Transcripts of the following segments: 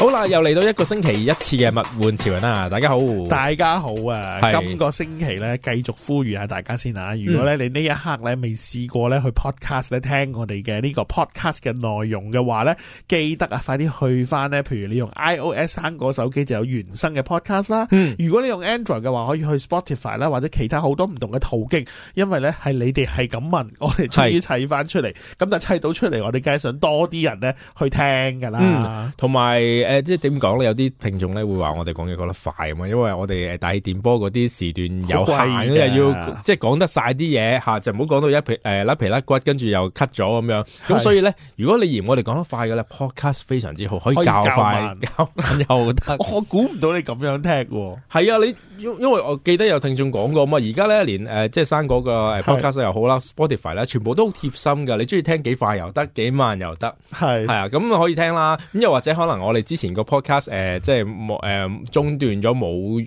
好啦，又嚟到一個星期一次嘅密換潮人啦，大家好，大家好啊！今個星期咧，繼續呼籲下大家先啊！如果咧你呢一刻咧未試過咧去 podcast 咧聽我哋嘅呢個 podcast 嘅內容嘅話咧，記得啊，快啲去翻咧！譬如你用 iOS 生果手機就有原生嘅 podcast 啦、嗯。如果你用 Android 嘅話，可以去 Spotify 啦，或者其他好多唔同嘅途徑。因為咧係你哋係咁問，我哋終於砌翻出嚟。咁就砌到出嚟，我哋梗係想多啲人咧去聽噶啦，同、嗯、埋。誒、呃，即係點講咧？有啲聽眾咧會話我哋講嘢講得快啊嘛，因為我哋誒大氣電波嗰啲時段有限，要即係講得晒啲嘢吓，就唔好講到一皮誒甩、呃、皮甩骨，跟住又 cut 咗咁樣。咁所以咧，如果你嫌我哋講得快嘅呢 podcast 非常之好，可以教快、教慢 又得。 我估唔到你咁樣聽喎、喔。係啊，你因為我記得有聽眾講過嘛。而家咧連誒、呃、即係生果嘅 podcast 又好啦，Spotify 啦，全部都好貼心噶。你中意聽幾快又得，幾慢又得，係係啊，咁可以聽啦。咁又或者可能我哋之前前個 podcast 誒、呃，即係冇中斷咗冇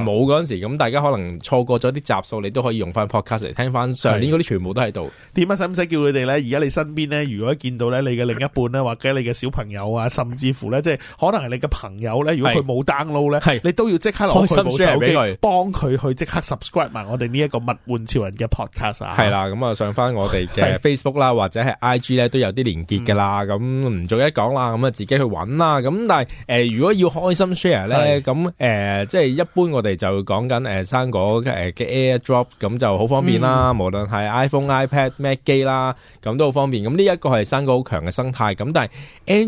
冇嗰陣時，咁大家可能錯過咗啲集數，你都可以用翻 podcast 嚟聽翻上年嗰啲全部都喺度。點解使唔使叫佢哋咧？而家你身邊咧，如果見到咧，你嘅另一半咧，或者你嘅小朋友啊，甚至乎咧，即係可能係你嘅朋友咧，如果佢冇 download 咧，你都要即刻攞新手機幫佢去即刻 subscribe 埋我哋呢一個物玩潮人嘅 podcast 啊！係啦，咁啊上翻我哋嘅 Facebook 啦，或者係 IG 咧都有啲連結㗎啦，咁、嗯、唔逐一講啦，咁啊自己去揾啦，咁但係誒、呃，如果要開心 share 咧，咁誒，即係、呃就是、一般我哋就講緊誒生果嘅、呃、AirDrop，咁就好方便啦。嗯、無論係 iPhone、iPad、Mac 機啦，咁都好方便。咁呢一個係生果好強嘅生態。咁但係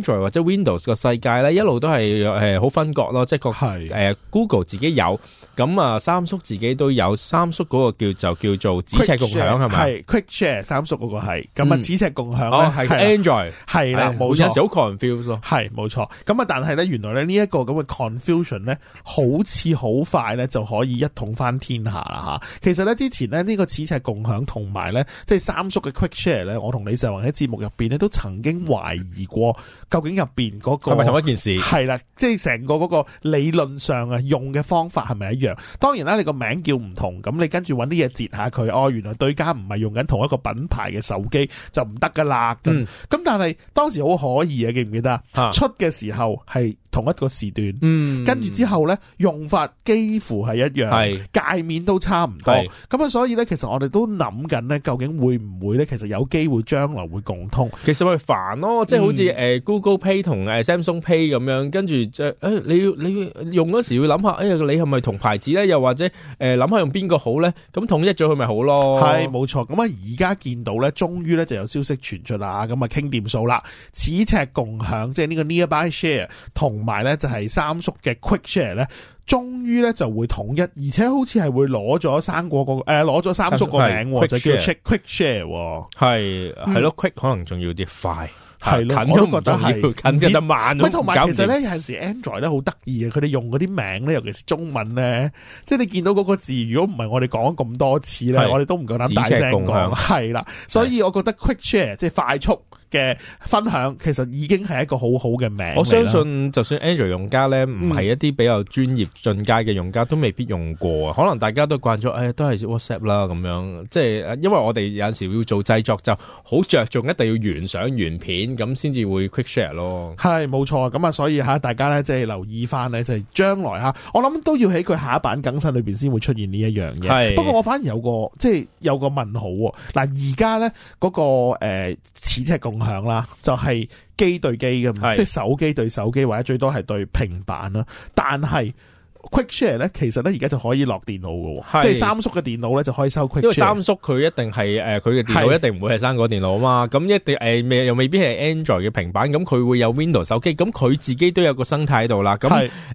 Android 或者 Windows 個世界咧，一路都係好分割咯，即係個、呃、Google 自己有。咁啊，三叔自己都有，三叔嗰個叫就叫做咫尺共享係咪？係 quick, quick Share，三叔嗰個係。咁、嗯、啊，咫尺共享咧係、哦、Android，係啦，冇錯。好 confuse 咯係冇錯。咁啊，但係咧，原來咧呢一、這個咁嘅 confusion 咧，好似好快咧就可以一統翻天下啦吓。其實咧之前咧呢、這個咫尺共享同埋咧即係三叔嘅 Quick Share 咧，我同李世宏喺節目入邊咧都曾經懷疑過，究竟入邊嗰個係咪同一件事？係啦，即係成個嗰個理論上啊用嘅方法係咪一樣？當然啦，你個名叫唔同，咁你跟住揾啲嘢，截下佢，哦，原來對家唔係用緊同一個品牌嘅手機，就唔得噶啦。咁、嗯、咁，但係當時好可疑啊，記唔記得？啊、出嘅時候係。同一個時段，跟、嗯、住之後咧，用法幾乎係一樣，界面都差唔多。咁啊，所以咧，其實我哋都諗緊咧，究竟會唔會咧，其實有機會將來會共通。其實咪煩咯、嗯，即係好似 Google Pay 同 Samsung Pay 咁樣，跟住你要你用嗰時要諗下，哎、欸、呀，你係咪、欸、同牌子咧？又或者諗下、欸、用邊個好咧？咁統一咗佢咪好咯？係冇錯。咁啊，而家見到咧，終於咧就有消息傳出啦，咁啊傾掂數啦，咫尺共享，即係呢個 Nearby Share 同。同埋咧就係三叔嘅 Quick Share 咧，終於咧就會統一，而且好似係會攞咗生果個誒攞咗三叔個名，就叫 Check Quick Share。係係咯，Quick 可能仲要啲快，係咯，我都覺得係，唔記得慢咯。咪同埋其實咧有陣時 Android 咧好得意嘅，佢哋用嗰啲名咧，尤其是中文咧，即係你見到嗰個字，如果唔係我哋講咁多次咧，我哋都唔夠膽大聲講。係啦，所以我覺得 Quick Share 即係快速嘅分享其實已經係一個好好嘅名字，我相信就算 Android 用家咧，唔、嗯、係一啲比較專業進階嘅用家，都未必用過啊。可能大家都慣咗，哎都係 WhatsApp 啦咁樣。即係因為我哋有陣時要做製作，就好着重一定要原相完、原片咁先至會 Quick Share 咯。係冇錯，咁啊，所以大家咧，即、就、係、是、留意翻咧，就係、是、將來我諗都要喺佢下一版更新裏面先會出現呢一樣嘢。不過我反而有個即係、就是、有個問號喎。嗱而家咧嗰個誒似即係共。共、就、啦、是，就係機對機噶即係手機對手機或者最多係對平板啦。但係 Quick Share 咧，其實咧而家就可以落電腦噶，即係三叔嘅電腦咧就可以收 Quick。因為三叔佢一定係誒，佢、呃、嘅電腦一定唔會係生果電腦啊嘛。咁一定誒，未、呃、又未必係 Android 嘅平板，咁佢會有 Windows 手機，咁佢自己都有個生態度啦。咁、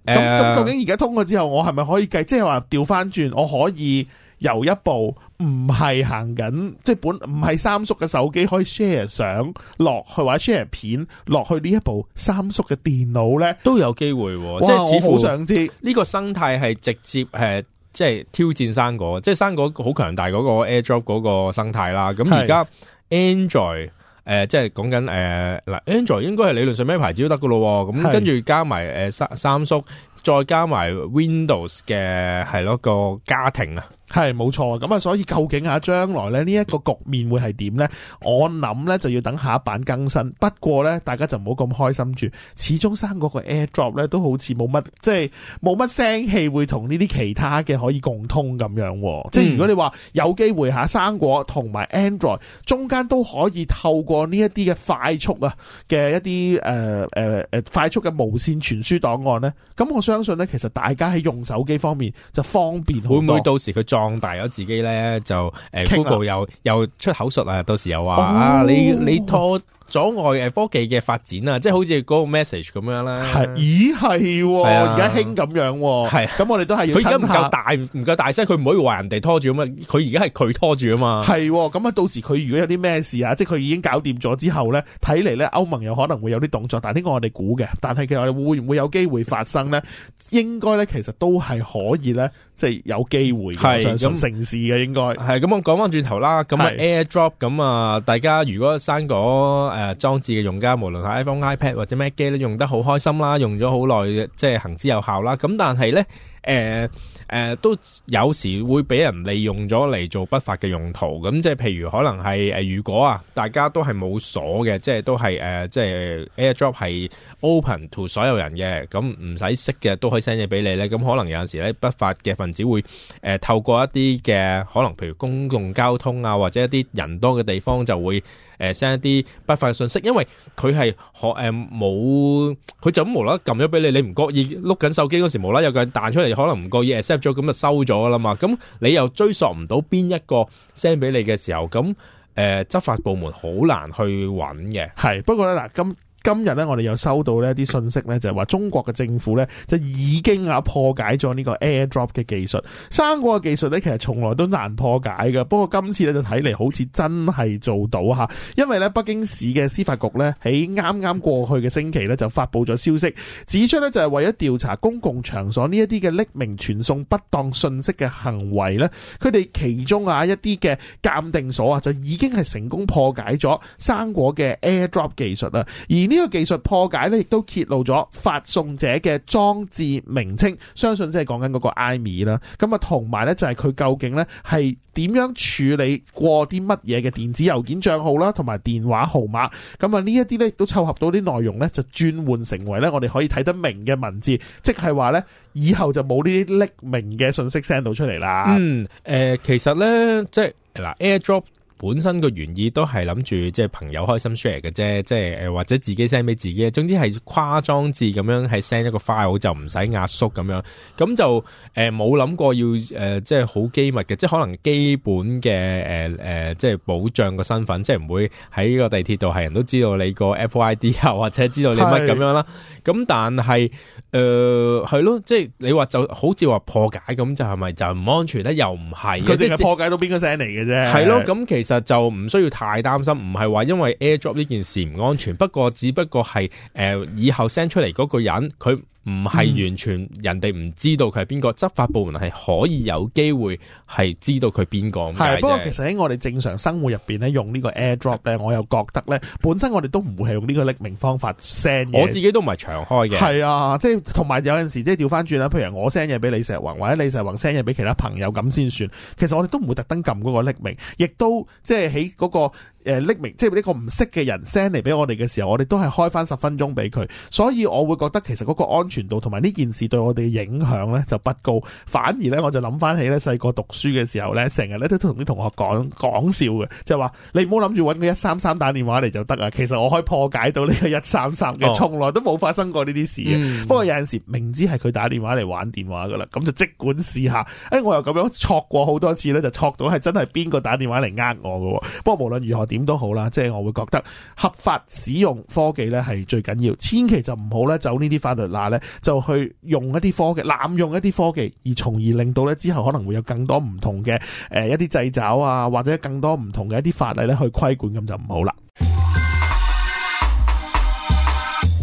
呃、究竟而家通過之後，我係咪可以計？即係話調翻轉，我可以。由一部唔係行緊，即、就、係、是、本唔係三叔嘅手機可以 share 相落去或者 share 片落去呢一部三叔嘅電腦咧，都有機會、哦。即係似乎我好想知呢、這個生態係直接即係、就是、挑戰生果，即、就、係、是、生果好強大嗰個 AirDrop 嗰個生態啦。咁而家 Android 即係、呃就是、講緊嗱、呃、，Android 應該係理論上咩牌子都得噶咯。咁跟住加埋、呃、三三叔，再加埋 Windows 嘅係嗰個家庭啊。係冇錯，咁啊，所以究竟啊將來咧呢一個局面會係點呢？我諗呢就要等下一版更新。不過呢，大家就唔好咁開心住，始終生果個 AirDrop 咧都好似冇乜，即係冇乜聲氣，會同呢啲其他嘅可以共通咁樣。即係如果你話有機會吓生果同埋 Android 中間都可以透過呢一啲嘅快速啊嘅一啲誒誒誒快速嘅無線傳輸檔案呢。咁我相信呢，其實大家喺用手機方面就方便好多。會唔會到時佢再？放大咗自己咧，就誒，Google 又又出口術啊，到時又話啊，你你拖，阻礙誒科技嘅發展、哦、啊，即係好似嗰個 message 咁樣啦。係，咦係，而家興咁樣。係、啊，咁我哋都係要。佢而家唔夠大，唔夠大聲，佢唔可以話人哋拖住啊嘛。佢而家係佢拖住啊嘛。係，咁啊，到時佢如果有啲咩事啊，即係佢已經搞掂咗之後咧，睇嚟咧，歐盟有可能會有啲動作，但係呢個我哋估嘅。但係其實我哋會唔會有機會發生咧？應該咧，其實都係可以咧，即、就、係、是、有機會嘅，咁全成事嘅應該。係，咁我講翻轉頭啦，咁 AirDrop 咁啊，大家如果生果誒、啊，裝置嘅用家，無論係 iPhone、iPad 或者咩機咧，用得好開心啦，用咗好耐嘅，即係行之有效啦。咁但係咧。誒誒，都有時會俾人利用咗嚟做不法嘅用途。咁即係譬如可能係誒，如果啊，大家都係冇鎖嘅，即係都係誒，uh, 即係 AirDrop 係 open to 所有人嘅，咁唔使識嘅都可以 send 嘢俾你咧。咁可能有陣時咧，不法嘅分子會誒、呃、透過一啲嘅可能，譬如公共交通啊，或者一啲人多嘅地方，就會誒 send、呃、一啲不法嘅信息。因為佢係可誒冇，佢、呃、就咁無啦啦撳咗俾你，你唔覺意碌緊手機嗰時無，無啦啦有個彈出嚟。可能唔覺意 accept 咗，咁就收咗啦嘛。咁你又追溯唔到邊一個 send 俾你嘅時候，咁誒、呃、執法部門好難去揾嘅，係不過咧嗱咁。今日咧，我哋又收到呢一啲信息咧，就係話中國嘅政府咧就已經啊破解咗呢個 airdrop 嘅技術。生果嘅技術咧，其實從來都難破解嘅。不過今次咧就睇嚟好似真係做到吓，因為咧北京市嘅司法局咧喺啱啱過去嘅星期咧就發布咗消息，指出咧就係為咗調查公共場所呢一啲嘅匿名傳送不當信息嘅行為咧，佢哋其中啊一啲嘅鑒定所啊就已經係成功破解咗生果嘅 airdrop 技術啦，而呢、這個技術破解咧，亦都揭露咗發送者嘅裝置名稱，相信即係講緊嗰個艾米啦。咁啊，同埋咧就係、是、佢究竟咧係點樣處理過啲乜嘢嘅電子郵件帳號啦，同埋電話號碼。咁啊，這些呢一啲咧都湊合到啲內容咧，就轉換成為咧我哋可以睇得明嘅文字，即係話咧以後就冇呢啲匿名嘅信息 send 到出嚟啦。嗯，誒、呃，其實咧即係嗱，AirDrop。本身個原意都係諗住即係朋友開心 share 嘅啫，即係誒、或者自己 send 俾自己，總之係誇張字咁樣係 send 一個 file 就唔使壓縮咁樣，咁就誒冇諗過要誒即係好機密嘅，即係可能基本嘅誒、誒、即係保障個身份，即係唔會喺呢個地鐵度係人都知道你個 Apple ID 啊，或者知道你乜咁樣啦。咁但係，誒、呃，係咯，即係你話就好似話破解咁，就係咪就唔安全咧？又唔係，佢即係破解到邊個 send 嚟嘅啫。係咯，咁其實就唔需要太擔心，唔係話因為 AirDrop 呢件事唔安全，不過只不過係誒、呃、以後 send 出嚟嗰個人佢。唔係完全人哋唔知道佢係邊個，執、嗯、法部門係可以有機會係知道佢邊個。係不過其實喺我哋正常生活入邊咧，用呢個 AirDrop 咧，我又覺得咧，本身我哋都唔會係用呢個匿名方法 send 嘢。我自己都唔係長開嘅。係啊，有有即係同埋有陣時即係調翻轉啦。譬如我 send 嘢俾李石宏，或者李石宏 send 嘢俾其他朋友咁先算。其實我哋都唔會特登撳嗰個匿名，亦都即係喺嗰個。誒，匿名即係呢個唔識嘅人 send 嚟俾我哋嘅時候，我哋都係開翻十分鐘俾佢，所以我會覺得其實嗰個安全度同埋呢件事對我哋嘅影響咧就不高，反而咧我就諗翻起咧細個讀書嘅時候咧，成日咧都同啲同學講講笑嘅，就係話你唔好諗住搵個一三三打電話嚟就得啦，其實我可以破解到呢個一三三嘅，從來都冇發生過呢啲事。不、哦、過有陣時明知係佢打電話嚟玩電話噶啦，咁就即管試下，哎，我又咁樣錯過好多次咧，就錯到係真係邊個打電話嚟呃我噶。不過無論如何。點都好啦，即係我會覺得合法使用科技呢係最緊要，千祈就唔好呢走呢啲法律罅呢，就去用一啲科技濫用一啲科技，而從而令到呢之後可能會有更多唔同嘅、呃、一啲製造啊，或者更多唔同嘅一啲法例呢去規管，咁就唔好啦。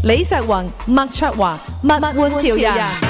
李石雲、麥卓華、物玩潮人。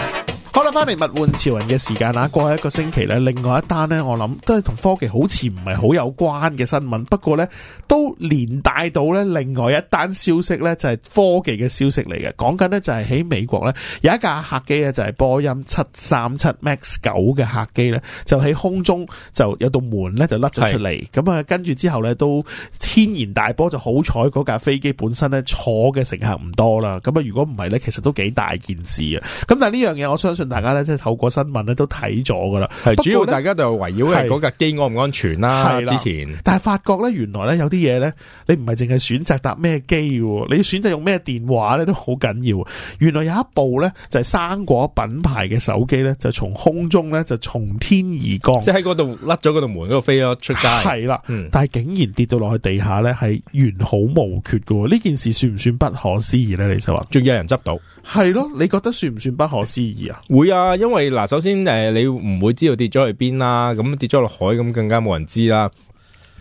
好啦，翻嚟物玩潮人嘅時間啦，過去一個星期咧，另外一單咧，我諗都係同科技好似唔係好有關嘅新聞，不過咧都連帶到咧另外一單消息咧，就係科技嘅消息嚟嘅，講緊咧就係喺美國咧有一架客機咧就係波音七三七 MAX 九嘅客機咧，就喺空中就有道門咧就甩咗出嚟，咁啊跟住之後咧都天然大波，就好彩嗰架飛機本身咧坐嘅乘客唔多啦，咁啊如果唔係咧，其實都幾大件事啊，咁但係呢樣嘢，我相信。相信大家咧，即係透過新聞咧都睇咗噶啦。係主要大家就圍繞係嗰架機安唔安全啦、啊。之前，是但係發覺咧，原來咧有啲嘢咧，你唔係淨係選擇搭咩機，你選擇用咩電話咧都好緊要。原來有一部咧就係生果品牌嘅手機咧，就從空中咧就從天而降，即係喺嗰度甩咗嗰度門嗰度飛咗出街。係啦、嗯，但係竟然跌到落去地下咧係完好無缺噶。呢件事算唔算不可思議咧、嗯？你就話仲有人執到，係咯？你覺得算唔算不可思議啊？ 會啊，因為嗱，首先誒、呃，你唔會知道跌咗去邊啦，咁跌咗落海咁，更加冇人知啦。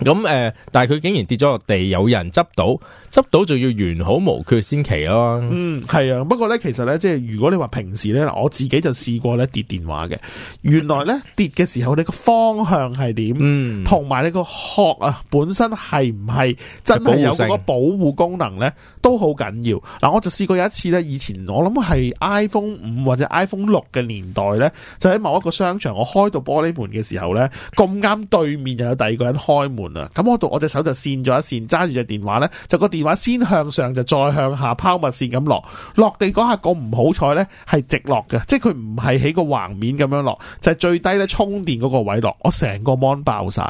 咁、嗯、誒，但係佢竟然跌咗落地，有人執到，執到仲要完好無缺先奇咯。嗯，係啊。不過咧，其實咧，即係如果你話平時咧，我自己就試過咧跌電話嘅。原來咧跌嘅時候，你個方向係點？嗯，同埋你個殼啊，本身係唔係真係有嗰個保護功能咧，都好緊要。嗱，我就試過有一次咧，以前我諗係 iPhone 五或者 iPhone 六嘅年代咧，就喺某一個商場，我開到玻璃門嘅時候咧，咁啱對面又有第二個人開門。咁我度我隻手就線咗一線，揸住隻電話呢，就個電話先向上，就再向下拋物線咁落，落地嗰下、那個唔好彩呢，係直落嘅，即係佢唔係喺個橫面咁樣落，就係、是、最低呢，充電嗰個位落，我成個 mon 爆晒，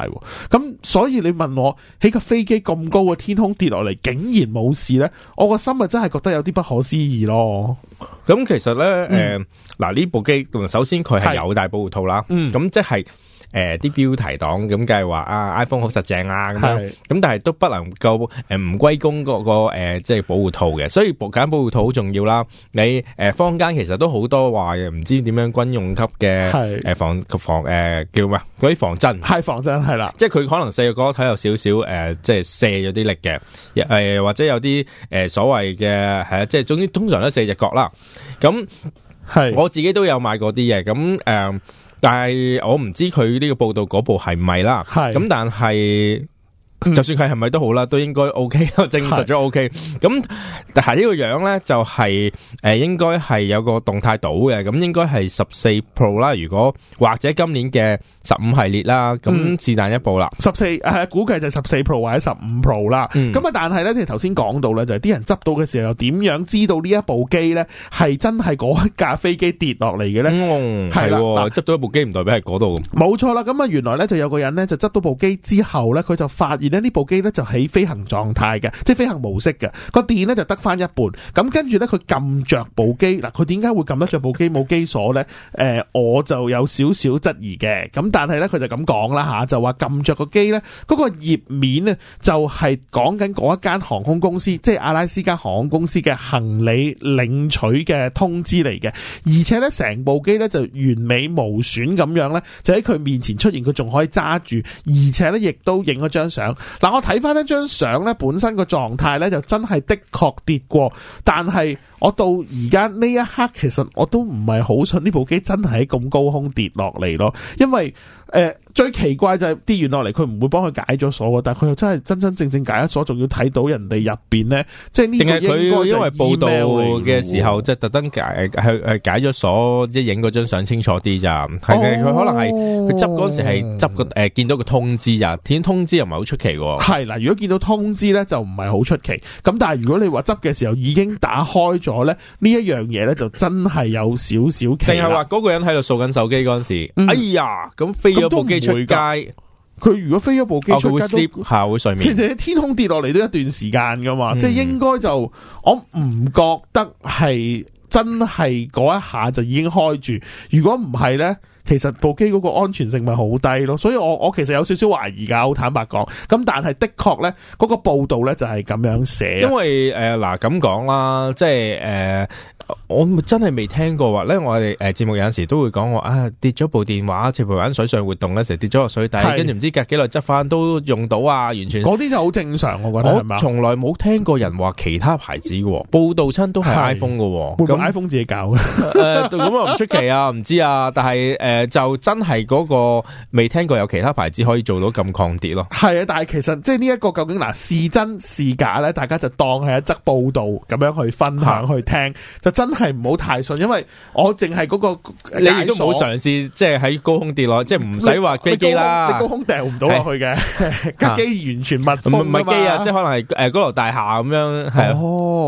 咁所以你問我喺個飛機咁高嘅天空跌落嚟，竟然冇事呢？我個心啊真係覺得有啲不可思議咯。咁、嗯、其實呢，誒、呃，嗱呢部機，首先佢係有戴保護套啦，咁即係。嗯誒、呃，啲標題黨咁梗係話啊，iPhone 好實淨啊，咁、啊、樣咁，但係都不能夠誒，唔、呃、歸功嗰、那個誒、那個呃，即係保護套嘅，所以揀保護套好重要啦。你誒、呃，坊間其實都好多話唔知點樣軍用級嘅誒、呃、防防誒、呃、叫咩？嗰啲防震係防震係啦，即係佢可能四個角睇有少少誒，即係卸咗啲力嘅，誒、呃、或者有啲誒、呃、所謂嘅係啊，即係總之通常都四隻角啦。咁係我自己都有買過啲嘢，咁誒。呃但係我唔知佢呢個報道嗰部係唔係啦，係咁但係。嗯、就算佢係咪都好啦，都應該 O K 咯，證實咗 O K。咁但係呢個樣咧，就係、是、誒、呃，應該係有個動態島嘅。咁應該係十四 Pro 啦，如果或者今年嘅十五系列啦，咁、嗯呃、是但一部啦。十四系估計就係十四 Pro 或者十五 Pro 啦、嗯。咁啊，但係咧，其實頭先講到咧，就係、是、啲人執到嘅時候，又點樣知道呢一部機咧係真係嗰架飛機跌落嚟嘅咧？係、嗯、啦，執、啊、到一部機唔代表係嗰度。冇錯啦。咁啊，原來咧就有個人咧就執到部機之後咧，佢就發現。而呢部機咧就喺飛行狀態嘅，即係飛行模式嘅，個電呢就得翻一半。咁跟住呢，佢撳着部機，嗱，佢點解會撳得着部機冇機鎖呢？誒，我就有少少質疑嘅。咁但係呢，佢就咁講啦吓，就話撳着個機呢，嗰個頁面呢就係講緊嗰一間航空公司，即係阿拉斯加航空公司嘅行李領取嘅通知嚟嘅。而且呢，成部機呢就完美無損咁樣呢，就喺佢面前出現，佢仲可以揸住，而且呢，亦都影咗張相。嗱，我睇翻呢張相呢，本身個狀態呢就真係的確跌過，但係我到而家呢一刻，其實我都唔係好信呢部機真係喺咁高空跌落嚟咯，因為，誒呃最奇怪就係跌完落嚟，佢唔會幫佢解咗鎖喎，但係佢又真係真真正正，正解咗鎖，仲要睇到人哋入面咧，即係呢個應該就 email 嘅時候，即係特登解去去解咗鎖，即影嗰張相清楚啲咋，係佢，哦、可能係佢執嗰時係執個誒見到個通知啊，通知又唔係好出奇喎。係啦，如果見到通知咧，就唔係好出奇。咁但係如果你話執嘅時候已經打開咗咧，呢一樣嘢咧就真係有少少奇。定係話嗰個人喺度掃緊手機嗰陣時，嗯，哎呀，咁飛咗部機。回佢如果飛咗部機，佢會下會睡其實喺天空跌落嚟都一段時間噶嘛，嗯、即係應該就我唔覺得係真係嗰一下就已經開住。如果唔係呢，其實部機嗰個安全性咪好低咯。所以我我其實有少少懷疑噶，好坦白講。咁但係的確呢，嗰、嗰個報道呢就係咁樣寫。因為誒嗱咁講啦，即係誒。呃我真係未聽過話咧，我哋誒節目有陣時都會講話啊，跌咗部電話，似陪玩水上活動咧，成日跌咗落水底，跟住唔知隔幾耐執翻都用到啊！完全嗰啲就好正常，我覺得係嘛，從來冇聽過人話其他牌子嘅報道，親都係 iPhone 嘅，咁 iPhone 自己搞咁啊唔出奇啊，唔知啊，但係誒、呃、就真係嗰個未聽過有其他牌子可以做到咁抗跌咯，係啊，但係其實即係呢一個究竟嗱是、呃、真是假咧，大家就當係一則報道咁樣去分享去聽真係唔好太信，因為我淨係嗰個你都冇嘗試，即係喺高空跌落，即係唔使話機機啦。你高空掉唔到落去嘅，機 完全密封唔係機啊，即係可能係誒高樓大廈咁樣係。哦，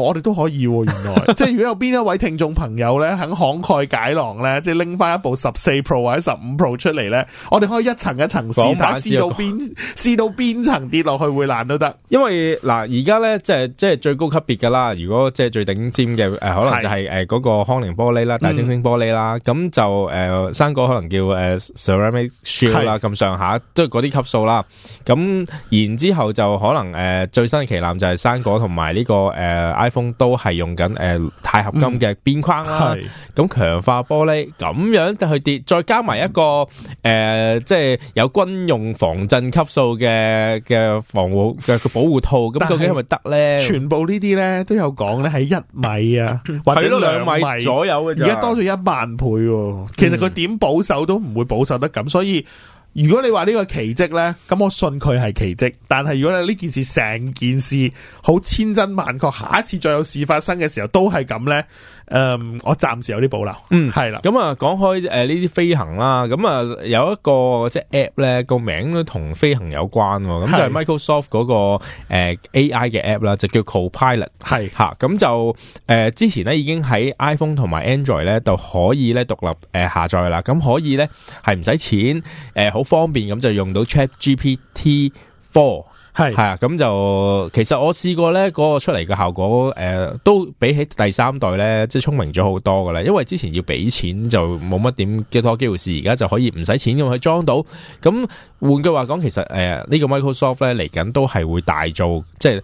我哋都可以、啊，原來 即係如果有邊一位聽眾朋友咧，肯慷慨解囊咧，即係拎翻一部十四 Pro 或者十五 Pro 出嚟咧，我哋可以一層一層試，睇下，試到邊試到邊層跌落去會爛都得。因為嗱，而家咧即係即係最高級別噶啦，如果即係最頂尖嘅誒，可能就係、是。誒，嗰個康寧玻璃啦，大猩猩玻璃啦，咁就誒，生果可能叫誒，Ceramic Shield 啦，咁上下，都係嗰啲級數啦。咁然之後就可能誒，最新嘅旗艦就係生果同埋呢個誒 iPhone 都係用緊誒鈦合金嘅邊框啦。咁強化玻璃咁樣去跌，再加埋一個誒，即係有軍用防震級數嘅嘅防護嘅個保護套。咁究竟係咪得咧？全部呢啲咧都有講咧，係一米啊，或者。兩米左右嘅，而家多咗一萬倍。嗯、其實佢點保守都唔會保守得咁，所以如果你話呢個奇蹟呢，咁我信佢係奇蹟。但係如果你呢件事成件事好千真萬確，下一次再有事發生嘅時候都係咁呢。誒、um，我暫時有啲保留。嗯，係啦。咁、嗯、啊，講開呢啲飛行啦，咁啊有一個即係 App 咧，個名都同飛行有關喎。咁就係 Microsoft 嗰、那個 AI 嘅 App 啦，就叫 Copilot。咁、啊、就誒、呃、之前咧已經喺 iPhone 同埋 Android 咧就可以咧獨立下載啦。咁可以咧係唔使錢，好、呃、方便咁就用到 ChatGPT Four。係係啊，咁就其實我試過咧，嗰個出嚟嘅效果，誒，都比起第三代咧，即係聰明咗好多噶啦。因為之前要俾錢就冇乜點幾多機會試，而家就可以唔使錢咁去裝到。咁換句話講，其實誒，呢個 Microsoft 咧嚟緊都係會大做，即係。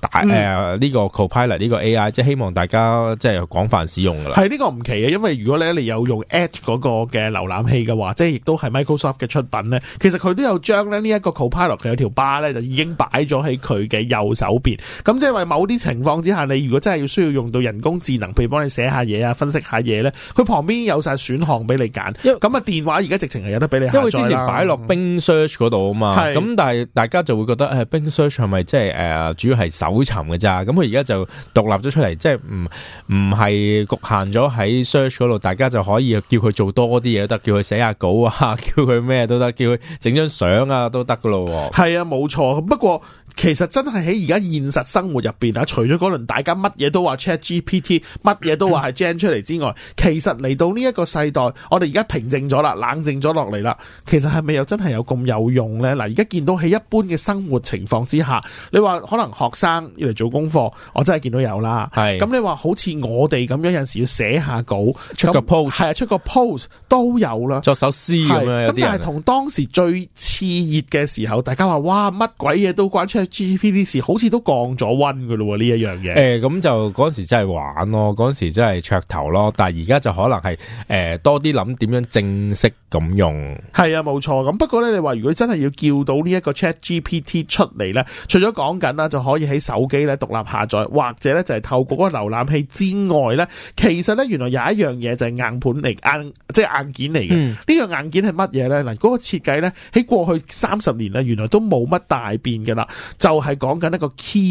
大誒呢個 Copilot 呢個 AI，即係希望大家即係廣泛使用噶啦。係呢個唔奇嘅，因為如果咧你，你有用 Edge 嗰個嘅瀏覽器嘅話，即係亦都係 Microsoft 嘅出品咧。其實佢都有將咧呢一個 Copilot 有條巴咧就已經擺咗喺佢嘅右手邊。咁即係話某啲情況之下，你如果真係要需要用到人工智能，譬如幫你寫下嘢啊、分析下嘢咧，佢旁邊有晒選項俾你揀。咁啊電話而家直情係有得俾你，因為之前擺落 Bing Search 嗰度啊嘛。咁但係大家就會覺得誒，Bing Search 係咪即係誒主要係？搜尋嘅咋，咁佢而家就獨立咗出嚟，即係唔唔係局限咗喺 search 嗰度，大家就可以叫佢做多啲嘢都得，叫佢寫下稿啊，叫佢咩都得，叫佢整張相啊都得噶咯。係啊，冇錯。不過其實真係喺而家現實生活入邊啊，除咗嗰輪大家乜嘢都話 ChatGPT，乜嘢都話係 Gen 出嚟之外， 其實嚟到呢一個世代，我哋而家平靜咗啦，冷靜咗落嚟啦。其實係咪又真係有咁有用咧？嗱，而家見到喺一般嘅生活情況之下，你話可能學生。生要嚟做功課，我真係見到有啦。係咁、啊，你話好似我哋咁樣，有陣時要寫下稿，出個 post 係啊，出個 post 都有啦。作首詩咁樣。咁但係同當時最熾熱嘅時候，大家話哇乜鬼嘢都關 ChatGPT 事，好似都降咗温噶咯。呢一樣嘢。誒、欸，咁就嗰陣時真係玩咯，嗰陣時真係噱頭咯。但係而家就可能係誒、呃、多啲諗點樣正式咁用。係啊，冇錯。咁不過咧，你話如果真係要叫到呢一個 ChatGPT 出嚟咧，除咗講緊啦，就可以。喺手機咧獨立下載，或者咧就係透過嗰個瀏覽器之外咧，其實咧原來有一樣嘢就係硬盤嚟，硬即係硬件嚟嘅。呢、嗯這個硬件係乜嘢咧？嗱，嗰個設計咧喺過去三十年咧，原來都冇乜大變嘅啦，就係講緊一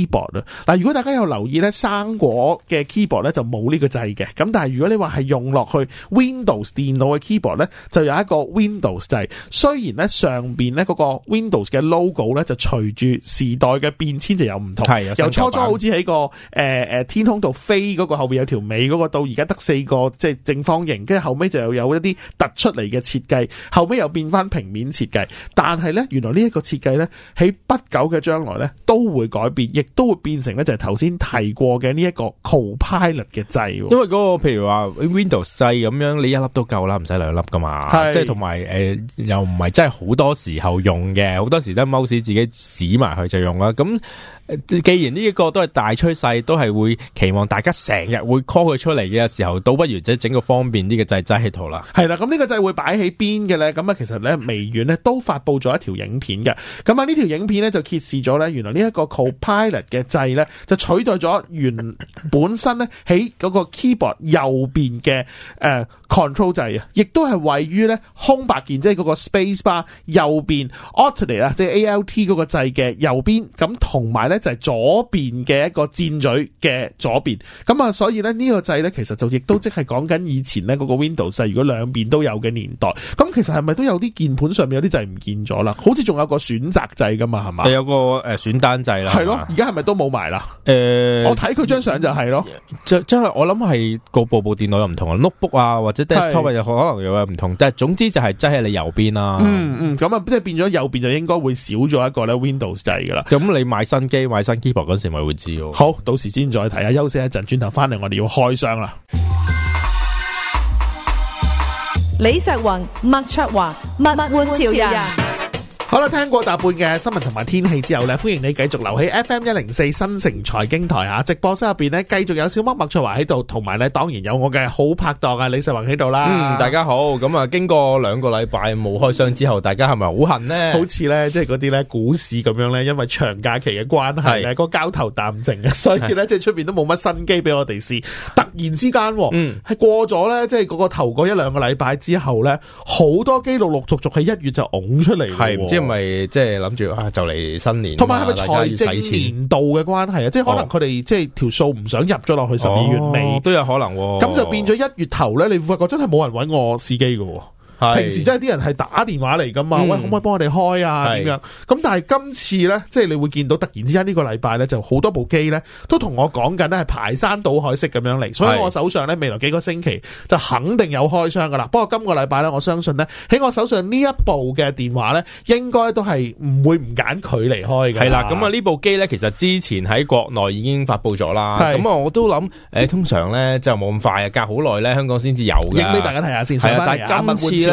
個 keyboard 啊。嗱，如果大家有留意咧，生果嘅 keyboard 咧就冇呢個掣嘅，咁但係如果你話係用落去 Windows 電腦嘅 keyboard 咧，就有一個 Windows 掣。雖然咧上邊咧嗰個 Windows 嘅 logo 咧就隨住時代嘅變遷就有唔同。係由初初好似喺、那個誒誒、呃、天空度飛嗰、那個後邊有條尾嗰、那個，到而家得四個即係、就是、正方形，跟住後尾就有一啲突出嚟嘅設計，後尾又變翻平面設計。但係咧，原來設計呢一個設計咧喺不久嘅將來咧都會改變，亦都會變成咧就係頭先提過嘅呢一個 copilot 嘅掣。因為嗰、那個譬如話 Windows 掣咁樣，你一粒都夠啦，唔使兩粒噶嘛。即係同埋誒，又唔係真係好多時候用嘅，好多時都 mouse 自己指埋佢就用啦。咁。既然呢一個都係大趨勢，都係會期望大家成日會 call 佢出嚟嘅時候，倒不如即整個方便啲嘅掣，就係圖啦。係啦，咁呢個掣會擺喺邊嘅咧？咁啊，其實咧，微軟咧都發布咗一條影片嘅。咁啊，呢條影片咧就揭示咗咧，原來呢一個 Copilot 嘅掣咧，就取代咗原本身咧喺嗰個 keyboard 右邊嘅誒 Control 掣啊，亦都係位於咧空白鍵，即係嗰個 space bar 右邊 Alt 啊，即係 Alt 嗰個掣嘅右邊。咁同埋咧。就係、是、左邊嘅一個箭嘴嘅左邊，咁啊，所以咧呢、這個掣咧其實就亦都即係講緊以前咧嗰個 Windows 掣，如果兩邊都有嘅年代，咁其實係咪都有啲鍵盤上面有啲掣唔見咗啦？好似仲有個選擇掣噶嘛，係嘛？有個誒選單掣啦，係咯，而家係咪都冇埋啦？誒、欸，我睇佢張相就係咯，即係我諗係個部部電腦又唔同啊，notebook 啊或者 desktop 又、啊、可能又有唔同，但係總之就係即係你右邊啦、啊。咁啊即係變咗右邊就應該會少咗一個咧 Windows 掣噶啦。咁你買新機。賣身基婆嗰時咪會知哦。好，好，到時先再睇下。休息一陣，轉頭翻嚟我哋要開箱啦。李石雲、麥卓華、物玩潮人。好啦，聽過大半嘅新聞同埋天氣之後呢，歡迎你繼續留喺 F M 一零四新城財經台吓、啊、直播室入邊呢繼續有小麥麥翠華喺度，同埋呢當然有我嘅好拍檔啊李世華喺度啦。嗯，大家好。咁啊，經過兩個禮拜冇開箱之後，大家係咪好恨呢？好似呢，即係嗰啲呢股市咁樣呢，因為長假期嘅關係，個交投淡靜所以呢，即係出邊都冇乜新機俾我哋試。突然之間，嗯，係過咗呢，即係嗰個頭嗰一兩個禮拜之後呢，好多機陸陸續續喺一月就拱出嚟，啊，因為即係諗住啊，就嚟新年，同埋係咪財政年度嘅關係啊？哦、即係可能佢哋即係條數唔想入咗落去十二月尾、哦，都有可能、哦。咁就變咗一月頭咧，你會覺得真係冇人搵我司機嘅。平時真係啲人係打電話嚟噶嘛、嗯？喂，可唔可以幫我哋開啊？咁樣？咁但係今次呢，即係你會見到突然之間呢個禮拜呢，就好多部機呢，都同我講緊呢係排山倒海式咁樣嚟，所以我手上呢，未來幾個星期就肯定有開箱噶啦。不過今個禮拜呢，我相信呢，喺我手上呢一部嘅電話呢，應該都係唔會唔揀佢離開嘅。係啦、啊，咁啊呢部機呢，其實之前喺國內已經發佈咗啦。咁啊，我都諗誒，通常呢，就冇咁快，隔好耐呢，香港先至有嘅、啊。俾大家睇下先。上返嚟、今次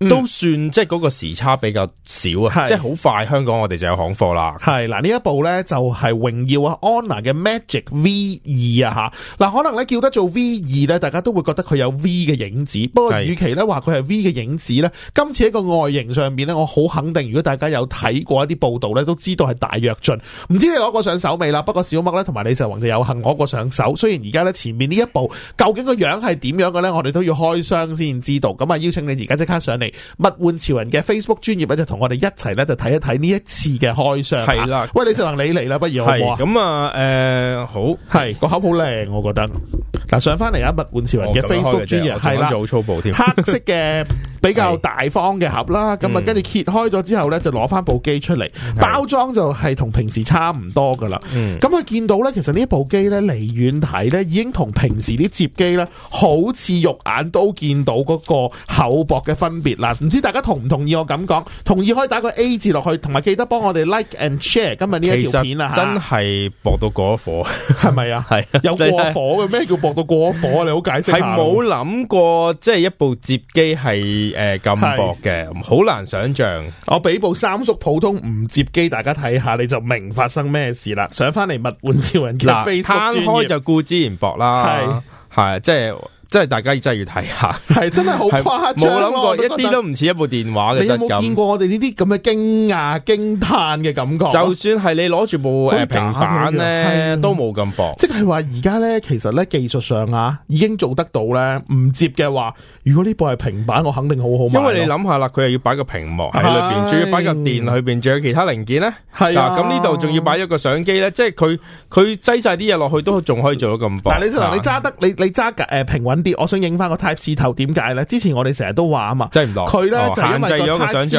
嗯、都算即係嗰個時差比較少啊，即係好快。香港我哋就有行貨啦。係嗱呢一部呢就係、是、榮耀 V2, 啊安娜嘅 Magic V 二啊吓嗱，可能咧叫得做 V 二呢，大家都會覺得佢有 V 嘅影子。不過與其咧話佢係 V 嘅影子呢，今次喺個外形上面呢，我好肯定。如果大家有睇過一啲報道呢，都知道係大躍進。唔知你攞過上手未啦？不過小麥咧同埋李世宏就有幸攞過上手。雖然而家呢，前面呢一部究竟個樣係點樣嘅呢？我哋都要開箱先知道。咁啊，邀請你而家即刻上嚟。物玩潮人嘅 Facebook 專頁咧，就同我哋一齊咧，就睇一睇呢一次嘅開箱。係啦，喂，你志行，你嚟啦，不如我。咁啊，誒、呃，好，係個盒好靚，我覺得。嗱，上翻嚟啊，物玩潮人嘅 Facebook 專頁係啦，好、哦、粗暴添，黑色嘅比較大方嘅盒啦。咁啊，跟住揭開咗之後咧，就攞翻部機出嚟，包裝就係同平時差唔多噶啦。咁佢見到咧，其實這部機呢部機咧，離遠睇咧，已經同平時啲摺機咧，好似肉眼都見到嗰個厚薄嘅分別。嗱，唔知大家同唔同意我咁講？同意可以打個 A 字落去，同埋記得幫我哋 Like and Share 今日呢一條片啦其實真係薄到過火，係咪啊？係 有過火嘅咩叫薄到過火？你好解釋下。係冇諗過即係一部摺機係誒咁薄嘅，好難想象。我俾部三叔普通唔摺機，大家睇下你就明發生咩事想人啦。上翻嚟物換超運啦，攤開就固之然薄啦，係係即係。真係大家真係要睇下 係，係真係好誇張，冇諗過，一啲都唔似一部電話嘅質感。你有冇見過我哋呢啲咁嘅驚訝、驚嘆嘅感覺？就算係你攞住部誒平板咧，都冇咁薄。即係話而家咧，其實咧技術上啊，已經做得到咧，唔接嘅話，如果呢部係平板，我肯定好好，啊。因為你諗下啦，佢又要擺個屏幕喺裏邊，仲要擺個電喺裏邊，仲有其他零件咧。嗱，咁呢度仲要擺一個相機咧，即係佢佢擠晒啲嘢，落去都仲可以做到咁薄。你揸得，你你揸誒平穩。我想影翻個 type C 頭，點解咧？之前我哋成日都話啊嘛，佢咧、哦、就係、因為個 type 頭限制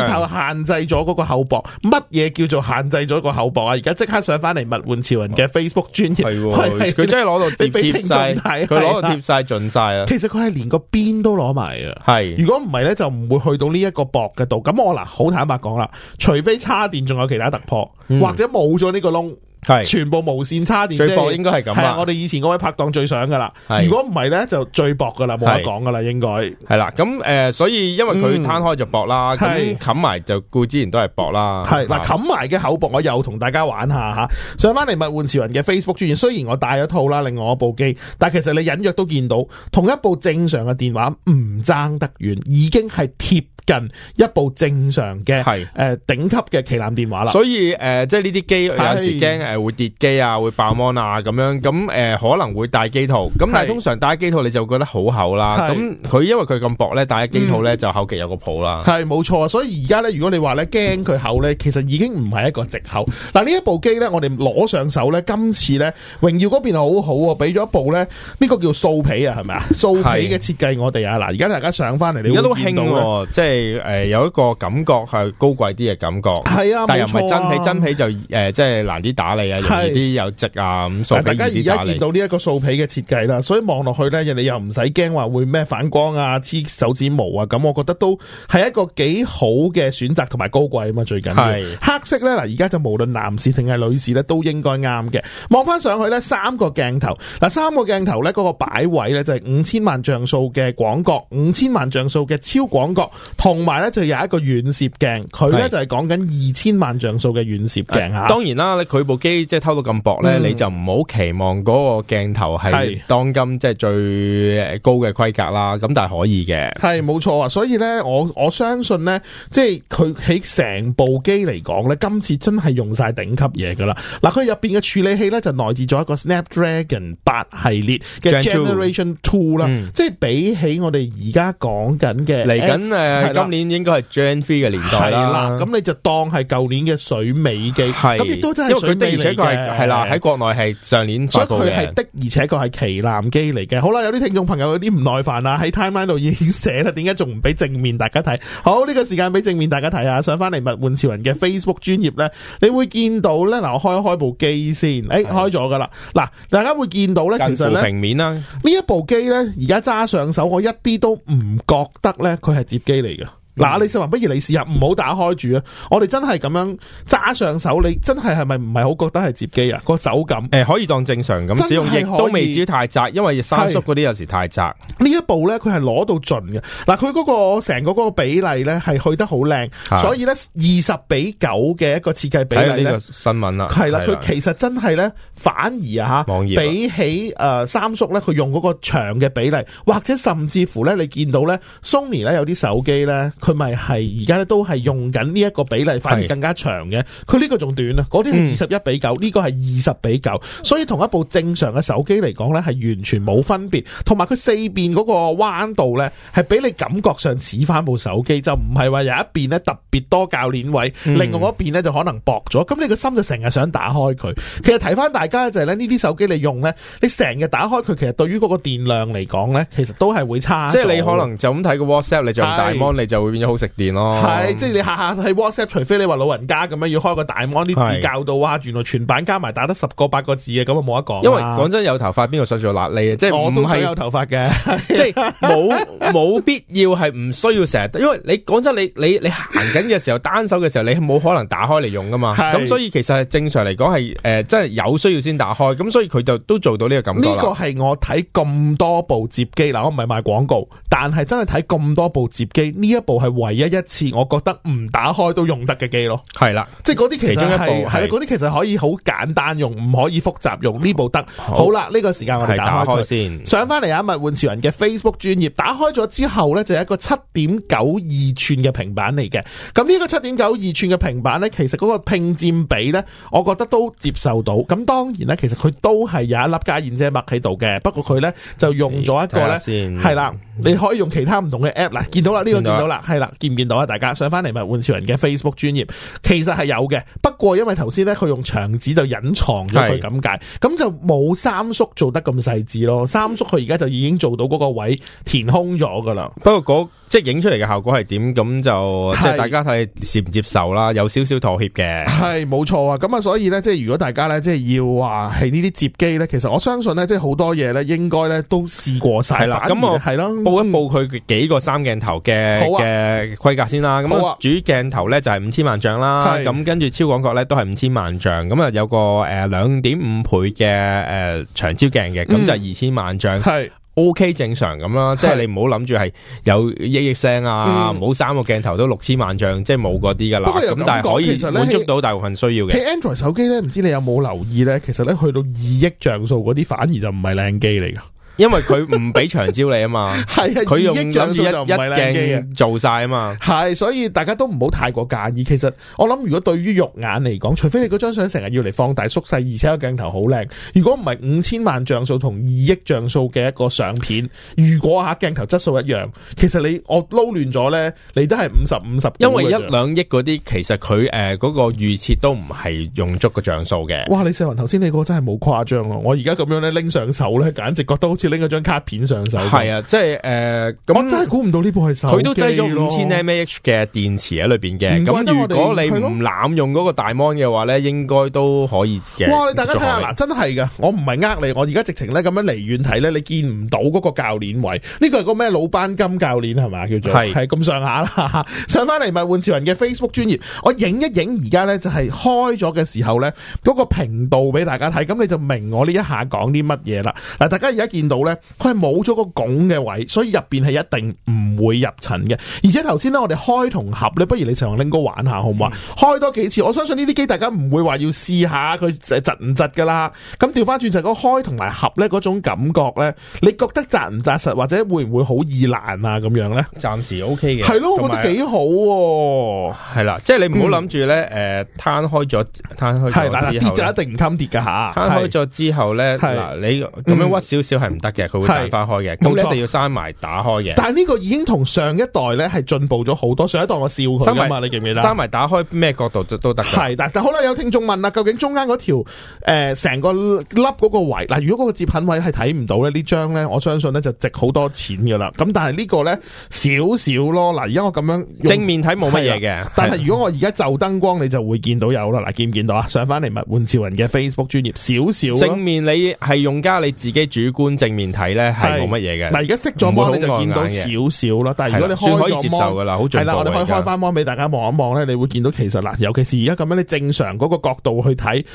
咗嗰個厚薄，乜嘢叫做限制咗個厚薄啊？而家即刻上翻嚟物換潮人嘅 Facebook 專頁，佢、哦、真係攞到貼晒，佢攞到貼晒盡晒啦。其實佢係連個邊都攞埋啊。係，如果唔係咧，就唔會去到呢一個薄嘅度。咁我嗱，好坦白講啦，除非叉電，仲有其他突破，嗯、或者冇咗呢個窿。係全部無線叉電，最薄應該係咁啦。我哋以前嗰位拍檔最想噶啦，如果唔係咧就最薄噶啦，冇得講噶啦，應該係啦。咁誒、呃，所以因為佢攤開就薄啦，咁冚埋就固之然都係薄啦。係嗱，冚埋嘅厚薄我又同大家玩下吓、啊，上翻嚟物玩潮人嘅 Facebook 專頁，雖然我帶咗套啦，另外一部機，但其實你隱約都見到，同一部正常嘅電話唔爭得遠，已經係貼。近一部正常嘅係誒頂級嘅旗艦電話啦，所以誒、呃、即係呢啲機有時驚誒會跌機啊，會爆膜啊咁樣咁誒、呃、可能會帶機套，咁但係通常帶機套你就覺得好厚啦。咁佢因為佢咁薄咧，帶機套咧、嗯、就後期有個譜啦。係冇錯，所以而家咧如果你話咧驚佢厚咧，其實已經唔係一個藉口。嗱呢一部機咧，我哋攞上手咧，今次咧榮耀嗰邊好好啊，俾咗一部咧呢個叫素皮啊，係咪啊？素皮嘅設計我哋啊，嗱而家大家上翻嚟，而家都興喎、啊，即係。誒、呃、有一個感覺係高貴啲嘅感覺，係啊，但又唔係真皮、啊，真皮就誒即係難啲打理啊，容易啲有漬啊咁。嗯、大家而家見到呢一個素皮嘅設計啦，所以望落去咧，人哋又唔使驚話會咩反光啊、黐手指毛啊，咁我覺得都係一個幾好嘅選擇，同埋高貴啊嘛，最緊要。黑色咧，嗱，而家就無論男士定係女士咧，都應該啱嘅。望翻上去咧，三個鏡頭，嗱，三個鏡頭咧，嗰個擺位咧就係五千萬像素嘅廣角，五千萬像素嘅超廣角。同埋咧就有一個遠攝鏡，佢咧就係講緊二千萬像素嘅遠攝鏡啊！當然啦，佢部機即係偷到咁薄咧，嗯，你就唔好期望嗰個鏡頭係當今即係最高嘅規格啦。咁但係可以嘅，係冇錯啊！所以咧，我我相信咧，即係佢喺成部機嚟講咧，今次真係用晒頂級嘢噶啦。嗱，佢入邊嘅處理器咧就內置咗一個 Snapdragon 八系列嘅 Generation Two、嗯、啦，即係比起我哋而家講緊嘅嚟緊誒。S- 今年應該係 Gen 3嘅年代啦，啦，咁你就當係舊年嘅水尾機，咁亦都真係水尾嘅。係啦，喺國內係上年發佈嘅，所以佢係的，而且確係旗艦機嚟嘅。好啦，有啲聽眾朋友有啲唔耐煩啦，喺 timeline 度已經寫啦，點解仲唔俾正面大家睇？好呢、呢個時間俾正面大家睇下。上翻嚟物玩潮人嘅 Facebook 專頁咧，你會見到咧嗱，我開一開開部機先，哎、欸，開咗噶啦。嗱，大家會見到咧，其實平面啦，呢一部機咧，而家揸上手，我一啲都唔覺得咧，佢係摺機嚟。嗱、啊，李少雲，不如你試下，唔好打開住啊！我哋真係咁樣揸上手，你真係係咪唔係好覺得係摺機啊？個手感、欸，可以當正常咁使用，亦都未至於太窄，因為三叔嗰啲有時太窄。呢一步咧，佢係攞到盡嘅。嗱、啊，佢嗰、嗰個成個嗰比例咧，係去得好靚，所以咧二十比九嘅一個設計比例呢，呢個新聞啦，係啦，佢其實真係咧，反而啊，吓，比起誒、呃、三叔咧，佢用嗰個長嘅比例，或者甚至乎咧，你見到咧，Sony 咧有啲手機咧。佢咪係而家咧都係用緊呢一個比例反而更加長嘅，佢呢個仲短啊，嗰啲係二十一比九、嗯，呢、這個係二十比九，所以同一部正常嘅手機嚟講呢係完全冇分別，同埋佢四邊嗰個彎度呢，係俾你感覺上似翻部手機，就唔係話有一邊呢特別多鉸鏈位、嗯，另外嗰邊呢就可能薄咗，咁你個心就成日想打開佢。其實提翻大家就係呢啲手機你用呢，你成日打開佢，其實對於嗰個電量嚟講呢，其實都係會差。即係你可能就咁睇個 WhatsApp，你就用大 mon，你就會。有好食電咯，係即係你下下喺 WhatsApp，除非你話老人家咁樣要開個大 mon 啲字教到哇，原來全版加埋打得十個八個字嘅咁啊冇得講。因為講真有頭髮邊個想做癩痢啊？即係我都係有頭髮嘅，即係冇冇必要係唔需要成日。因為你講真你你你行緊嘅時候， 單手嘅時候你冇可能打開嚟用噶嘛。咁所以其實正常嚟講係、呃、真係有需要先打開。咁所以佢就都做到呢個感覺。呢、呢個係我睇咁多部接機嗱，我唔係賣廣告，但係真係睇咁多部接機，呢一部係。唯一一次，我覺得唔打開都用得嘅機咯，係啦，即係嗰啲其中一部係係嗰啲其實可以好簡單用，唔可以複雜用呢部得好啦。呢、呢個時間我哋打，打開先上翻嚟啊！物玩潮人嘅 Facebook 專頁打開咗之後呢，就有、係、一個七點九二吋嘅平板嚟嘅。咁呢個七點九二吋嘅平板呢，其實嗰個屏佔比呢，我覺得都接受到。咁當然呢，其實佢都係有一粒加然啫物喺度嘅，不過佢呢，就用咗一個呢，係啦，你可以用其他唔同嘅 app 嗱，見到啦，呢、呢個見到啦。係啦，見唔見到啊？大家上翻嚟物玩潮人嘅 Facebook 專頁，其實係有嘅。不過因為頭先咧，佢用牆紙就隱藏咗佢咁解，咁就冇三叔做得咁細致咯。三叔佢而家就已經做到嗰個位填空咗噶啦。不過嗰、那個即係影出嚟嘅效果係點咁，就即係大家睇接唔接受啦，有少少妥協嘅。係冇錯啊，咁啊所以咧，即係如果大家咧，即係要話係呢啲摺機咧，其實我相信咧，即係好多嘢咧，應該咧都試過晒。係啦，咁啊係咯，報一報佢幾個三鏡頭嘅嘅規格先啦。咁啊，主鏡頭咧就係五千萬像啦，咁、啊、跟住超廣角咧都係五千萬像，咁啊有個誒兩點五倍嘅誒長焦鏡嘅，咁、嗯、就係二千萬像。O、okay, K，正常咁啦，即係你唔好諗住係有億億聲啊，唔、嗯、好三個鏡頭都六千萬像，即係冇嗰啲噶啦。咁但係可以滿足到大部分需要嘅。喺 Android 手機咧，唔知你有冇留意咧？其實咧去到二億像素嗰啲，反而就唔係靚機嚟噶。因為佢唔俾長焦你啊嘛，係 啊，佢用像就機一億兩億一鏡做晒啊嘛，係，所以大家都唔好太過介意。其實我諗，如果對於肉眼嚟講，除非你嗰張相成日要嚟放大縮細，而且個鏡頭好靚，如果唔係五千萬像素同二億像素嘅一個相片，如果下鏡頭質素一樣，其實你我撈亂咗呢，你都係五十五十。因為一兩億嗰啲，其實佢誒嗰個預設都唔係用足個像素嘅。哇，李世宏頭先你，你個真係冇誇張，我而家咁樣咧拎上手咧，簡直覺得好似。拎咗張卡片上手，係啊，即係誒，咁、呃哦、真係估唔到呢部係手機。佢都製咗五千 mAh 嘅電池喺裏邊嘅。咁如果你唔濫用嗰個大 mon 嘅話咧，應該都可以嘅。哇！你大家睇下嗱，真係噶，我唔係呃你，我而家直情咧咁樣離遠睇咧，你見唔到嗰個教練位。呢、這個係個咩老班金教練係咪？叫做係係咁上下啦。上翻嚟咪換潮人嘅 Facebook 專頁，我影一影而家咧就係開咗嘅時候咧，嗰、那個頻道俾大家睇，咁你就明我呢一下講啲乜嘢啦。嗱，大家而家見到咧，佢係冇咗個拱嘅位，所以入邊係一定唔會入塵嘅。而且頭先咧，我哋開同合咧，不如你成日拎哥玩下好唔好啊？嗯、開多幾次，我相信呢啲機大家唔會話要試下佢窒唔窒噶啦。咁調翻轉就係個開同埋合咧嗰種感覺咧，你覺得紮唔紮實或者會唔會好易爛啊？咁樣咧，暫時 OK 嘅，係咯，我覺得幾好、啊。係、嗯、啦，即、就、係、是、你唔好諗住咧，誒、呃，攤開咗，攤開咗之後跌就一定唔襟跌噶吓。攤、啊、開咗之後咧，嗱，你咁樣屈少少係唔？嗯得嘅，佢會打翻開嘅。咁你一定要閂埋打開嘅。但係呢個已經同上一代咧係進步咗好多。上一代我笑佢。閂埋你記唔記得？閂埋打開咩角度都都得。係，但但好啦，有聽眾問啦，究竟中間嗰條誒成個粒嗰個位，嗱，如果嗰個摺痕位係睇唔到咧，呢張咧我相信咧就值好多錢噶啦。咁但係呢個咧少少咯。嗱，而家我咁樣正面睇冇乜嘢嘅，但係如果我而家就燈光，你就會見到有啦。嗱，見唔見到啊？上翻嚟物玩潮人嘅 Facebook 專頁少少，正面你係用家你自己主觀正面睇咧係冇乜嘢嘅。嗱，而家熄咗芒你就見到少少啦。但係如果你開咗芒，可以接受噶啦，好進步嘅。係啦，我哋可以開翻芒俾大家望一望咧，你會見到其實嗱，尤其是而家咁樣你正常嗰個角度去睇，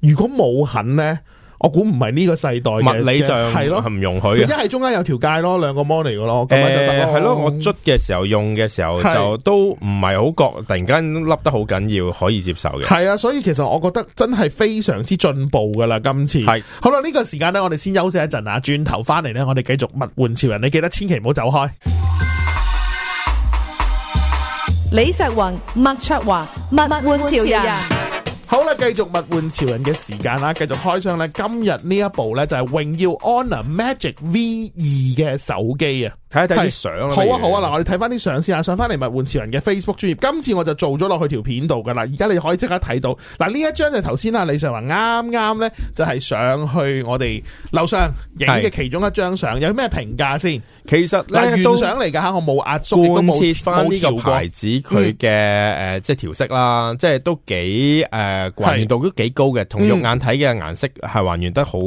如果冇痕咧。我估唔係呢個世代嘅，物理上係咯，唔容許嘅。一係中間有條界咯，兩個 m o n 嚟嘅囉。咁、欸、咪就得。係咯，我捽嘅時候用嘅時候就都唔係好覺，突然間甩得好緊要，可以接受嘅。係啊，所以其實我覺得真係非常之進步噶啦，今次係。好啦，呢、呢個時間呢，我哋先休息一陣啊，轉頭翻嚟呢，我哋繼續物玩潮人。你記得千祈唔好走開。李石雲、麥卓華，物玩潮人。好啦，繼續物玩潮人嘅時間啦，繼續開箱啦，今日呢一部咧就係榮耀 Honor Magic V 二嘅手機啊。睇下啲相，好啊好啊，嗱我哋睇翻啲相先啊，看看上翻嚟咪物玩潮人嘅 Facebook 專頁，今次我就做咗落去條片度噶啦，而家你可以即刻睇到，嗱呢一張就頭先啊李尚文啱啱咧就係上去我哋樓上影嘅其中一張相，有咩評價先？其實嗱原相嚟㗎吓我冇壓縮，都切翻呢個牌子佢嘅即係調色啦，即係都幾誒、呃、還原度都幾高嘅，同肉眼睇嘅顏色係還原得好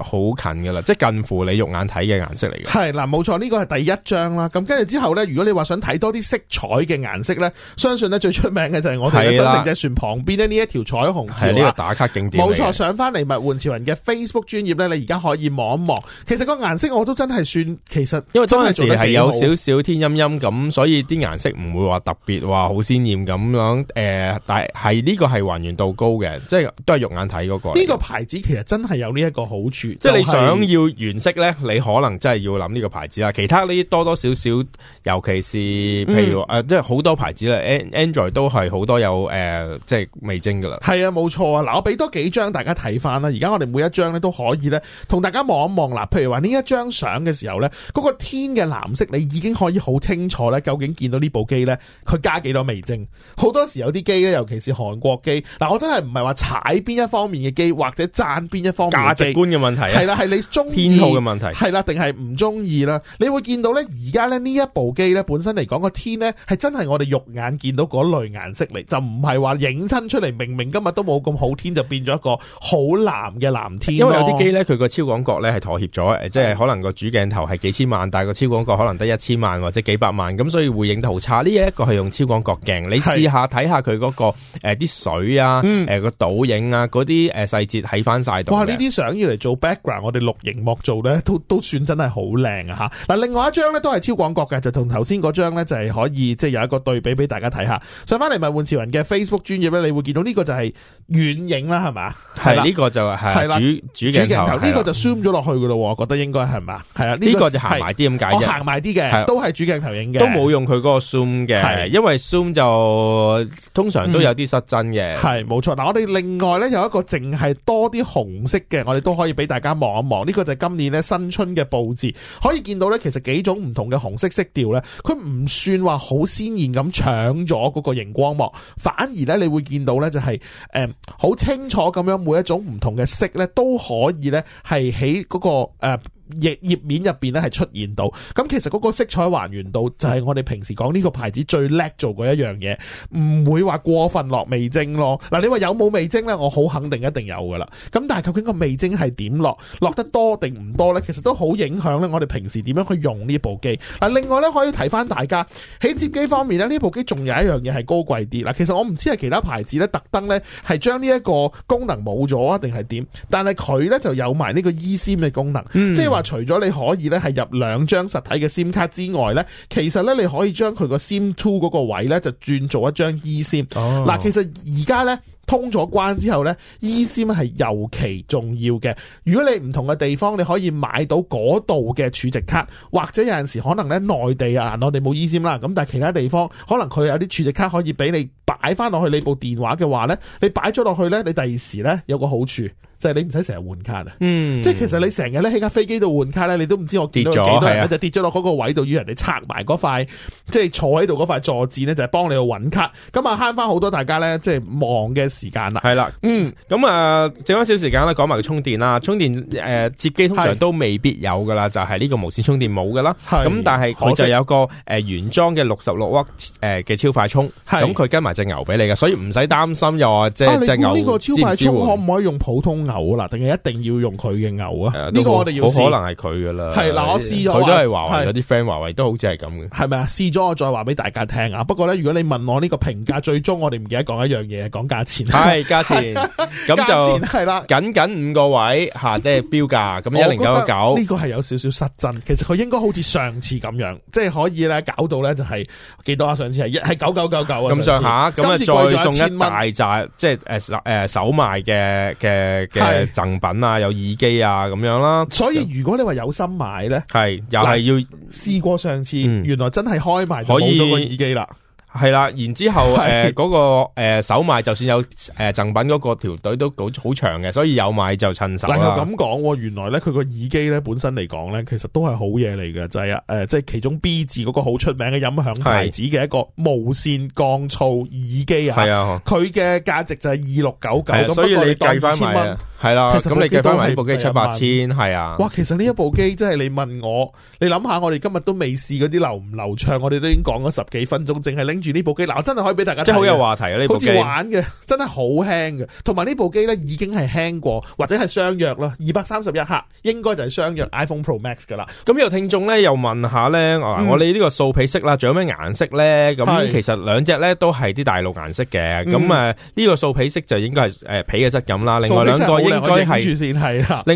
好近噶啦，即係近乎你肉眼睇嘅顏色嚟嘅。係嗱冇錯，呢個係第一。一張啦，咁跟住之後咧，如果你話想睇多啲色彩嘅顏色咧，相信咧最出名嘅就係我哋嘅新城嘅船旁邊呢。呢一條彩虹，係呢、這個打卡景點。冇錯，上翻嚟咪換潮人嘅 Facebook 專頁咧，你而家可以望一望。其實個顏色我都真係算，其實真因為當時係有少少天陰陰咁，所以啲顏色唔會話特別話好鮮艷咁樣。誒、呃，但係呢個係還原度高嘅，即係都係肉眼睇嗰個。呢、這個牌子其實真係有呢一個好處，即係你想要原色咧，你可能真係要諗呢個牌子啦。其他呢？多多少少，尤其是譬如誒、嗯呃，即係好多牌子啦，Android 都係好多有誒、呃，即係味精噶啦。係啊，冇錯啊。嗱，我俾多幾張大家睇翻啦。而家我哋每一張咧都可以咧，同大家望一望。嗱，譬如話呢一張相嘅時候咧，嗰個天嘅藍色，你已經可以好清楚咧，究竟見到這部呢部機咧，佢加幾多味精。好多時候有啲機咧，尤其是韓國機，嗱，我真係唔係話踩邊一方面嘅機，或者讚邊一方面價值觀嘅問、啊啊、問題，係啦、啊，係你中意偏好嘅問題，係啦，定係唔中意啦？你會見到。到咧而家咧呢一部機咧本身嚟講，個天咧係真係我哋肉眼見到嗰類顏色嚟，就唔係話影親出嚟。明明今日都冇咁好天，就變咗一個好藍嘅藍天。因為有啲機咧，佢個超廣角咧係妥協咗，誒，即係可能個主鏡頭係幾千萬，但係個超廣角可能得一千萬或者幾百萬，咁所以會影得好差。呢、這、一個係用超廣角鏡，你試下睇下佢嗰個誒啲水啊，誒、嗯、個倒影啊，嗰啲誒細節喺翻晒度。哇！呢啲相要嚟做 background，我哋錄熒幕做咧都都算真係好靚啊！吓嗱，另外一。張咧都係超廣角嘅，就同頭先嗰張咧就係可以即係有一個對比俾大家睇下。上翻嚟物玩潮人嘅 Facebook 專頁咧，你會見到呢個就係遠影啦，係嘛？係呢個就係主主鏡頭呢、這個就 zoom 咗落去噶咯、嗯，我覺得應該係嘛？係啊，呢、這個這個就行埋啲咁解，我行埋啲嘅，都係主鏡頭影嘅，都冇用佢嗰個 zoom 嘅，係因為 zoom 就通常都有啲失真嘅。係冇錯。嗱，我哋另外咧有一個淨係多啲紅色嘅，我哋都可以俾大家望一望。呢、這個就係今年咧新春嘅布置，可以見到咧其實幾種唔同嘅紅色色調呢，佢唔算話好鮮艷咁搶咗嗰個熒光幕，反而呢，你會見到呢、就是，就係誒好清楚咁樣每一種唔同嘅色呢都可以呢、那個，係喺嗰個誒。頁面入邊咧係出現到，咁其實嗰個色彩還原度就係我哋平時講呢個牌子最叻做嗰一樣嘢，唔會話過分落味精咯。嗱，你話有冇味精呢？我好肯定一定有噶啦。咁但係究竟個味精係點落，落得多定唔多呢？其實都好影響咧，我哋平時點樣去用呢部機。嗱，另外呢，可以提翻大家喺接機方面呢，呢部機仲有一樣嘢係高貴啲。嗱，其實我唔知係其他牌子呢，特登呢係將呢一個功能冇咗啊，定係點？但係佢呢就有埋呢個 eSIM 嘅功能，嗯、即係話。除咗你可以咧係入兩張實體嘅 SIM 卡之外咧，其實咧你可以將佢個 SIM Two 嗰個位咧就轉做一張 E SIM。嗱，oh.，其實而家咧通咗關之後咧，E SIM 係尤其重要嘅。如果你唔同嘅地方你可以買到嗰度嘅儲值卡，或者有陣時候可能咧內地啊，我哋冇 E SIM 啦，咁但係其他地方可能佢有啲儲值卡可以俾你擺翻落去你部電話嘅話咧，你擺咗落去咧，你第二時咧有個好處。即、就、係、是、你唔使成日換卡啊、嗯！即係其實你成日咧喺架飛機度換卡咧，你都唔知我跌咗幾多，就跌咗落嗰個位度，與人哋拆埋嗰塊，即係坐喺度嗰塊坐墊咧，就係、是、幫你去搵卡。咁啊慳翻好多大家咧，即係忙嘅時間啦。係啦，嗯，咁啊剩翻少少時間咧，講埋充電啦。充電誒，折、呃、機通常都未必有噶啦，就係、是、呢個無線充電冇噶啦。咁但係我就有個誒原裝嘅六十六瓦誒嘅超快充，咁佢跟埋隻牛俾你嘅，所以唔使擔心又話即係隻牛。咁呢、啊、個超快充,支唔支援，充可唔可以用普通？牛啦，定係一定要用佢嘅牛啊？呢、這個我哋要可能係佢噶啦。係嗱，我試咗，佢都係華為，有啲 friend 華為都好似係咁嘅。係咪啊？試咗我再話俾大家聽啊！不過咧，如果你問我呢個評價，最終我哋唔記得講一樣嘢，講價錢。係價錢咁 就係啦，僅僅五個位吓，即係、就是、標價咁一零九九九。呢 個係有少少失真，其實佢應該好似上次咁樣，即係可以咧搞到咧就係、是、幾多啊、嗯？上次係一係九九九九啊咁上下，咁啊再送一大扎即係誒誒手賣嘅嘅。呃係贈品啊，有耳機啊，咁樣啦。所以如果你話有心買咧，係又係要試過上次，嗯、原來真係開埋，可以耳機啦。係啦，然之後嗰個手賣， 就算有誒贈品嗰個條隊都好好長嘅，所以有買就趁手係咁講。原來咧佢個耳機咧本身嚟講咧，其實都係好嘢嚟嘅。就係啊即係其中 B 字嗰個好出名嘅音響牌子嘅一個無線降噪耳機啊。係啊，佢嘅價值就係二六九九咁，不過你計翻咪係啦，咁你計翻埋呢部機七八千，係啊。哇，其實呢一部機真係你問我，你諗下我流流，我哋今日都未試嗰啲流唔流暢，我哋都已經講咗十幾分鐘，淨係拎住呢部機，嗱，我真係可以俾大家，真係好有話題啊！呢部機玩嘅真係好輕嘅，同埋呢部機咧已經係輕過或者係相約啦，二百三十一克，應該就係相約 iPhone Pro Max 噶啦。咁有聽眾咧又問下咧、嗯啊，我哋呢個素皮色啦，仲有咩顏色咧？咁其實兩隻咧都係啲大陸顏色嘅，咁、嗯、啊呢、這個素皮色就應該係誒皮嘅質感啦，另外兩個。應該係，另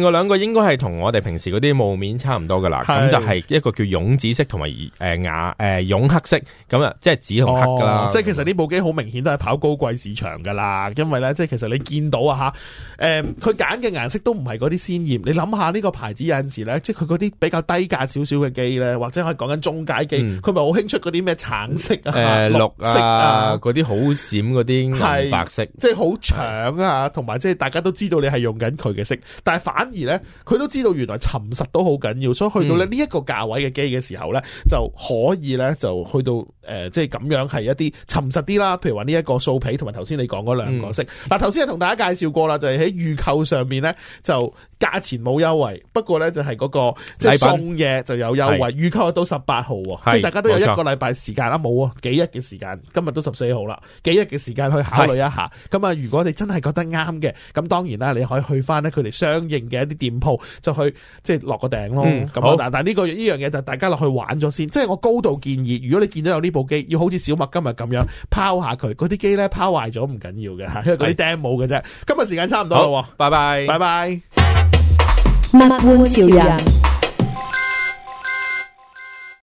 外兩個應該係同我哋平時嗰啲霧面差唔多噶啦，咁就係一個叫絨紫色同埋誒雅誒絨黑色，咁啊即係紫同黑噶啦、哦。即係其實呢部機好明顯都係跑高貴市場噶啦，因為咧即係其實你見到啊吓，誒佢揀嘅顏色都唔係嗰啲鮮艷。你諗下呢個牌子有陣時咧，即係佢嗰啲比較低價少少嘅機咧，或者可以講緊中階機，佢咪好興出嗰啲咩橙色啊、啊、呃、綠啊嗰啲好閃嗰啲白色，即係好搶啊，同埋即係大家都知道你係，用緊佢嘅色，但係反而呢，佢都知道原來沉實都好緊要，所以去到呢一個價位嘅機嘅時候呢、嗯，就可以呢、呃，就去到即係咁樣係一啲沉實啲啦。譬如話呢一個素皮同埋頭先你講嗰兩個色。嗱、嗯，頭先係同大家介紹過啦，就係、是、喺預購上面呢，就價錢冇優惠，不過呢、那個，就係嗰個即係送嘢就有優惠。預購到十八號喎，即大家都有一個禮拜時間啦，冇喎、啊、幾日嘅時間，今日都十四號啦，幾日嘅時間去考慮一下。咁啊，如果你真係覺得啱嘅，咁當然啦，你。可以去翻咧，佢哋相應嘅一啲店鋪，就去即係、就是、落個訂咯。咁、嗯這個、好，但但呢個呢樣嘢就是、大家落去玩咗先。即、就、係、是、我高度建議，如果你見到有呢部機，要好似小麥今日咁樣拋下佢，嗰啲機咧拋壞咗唔緊要嘅嚇，因為嗰啲釘冇嘅啫。今日時間差唔多啦，喎，拜拜，拜拜。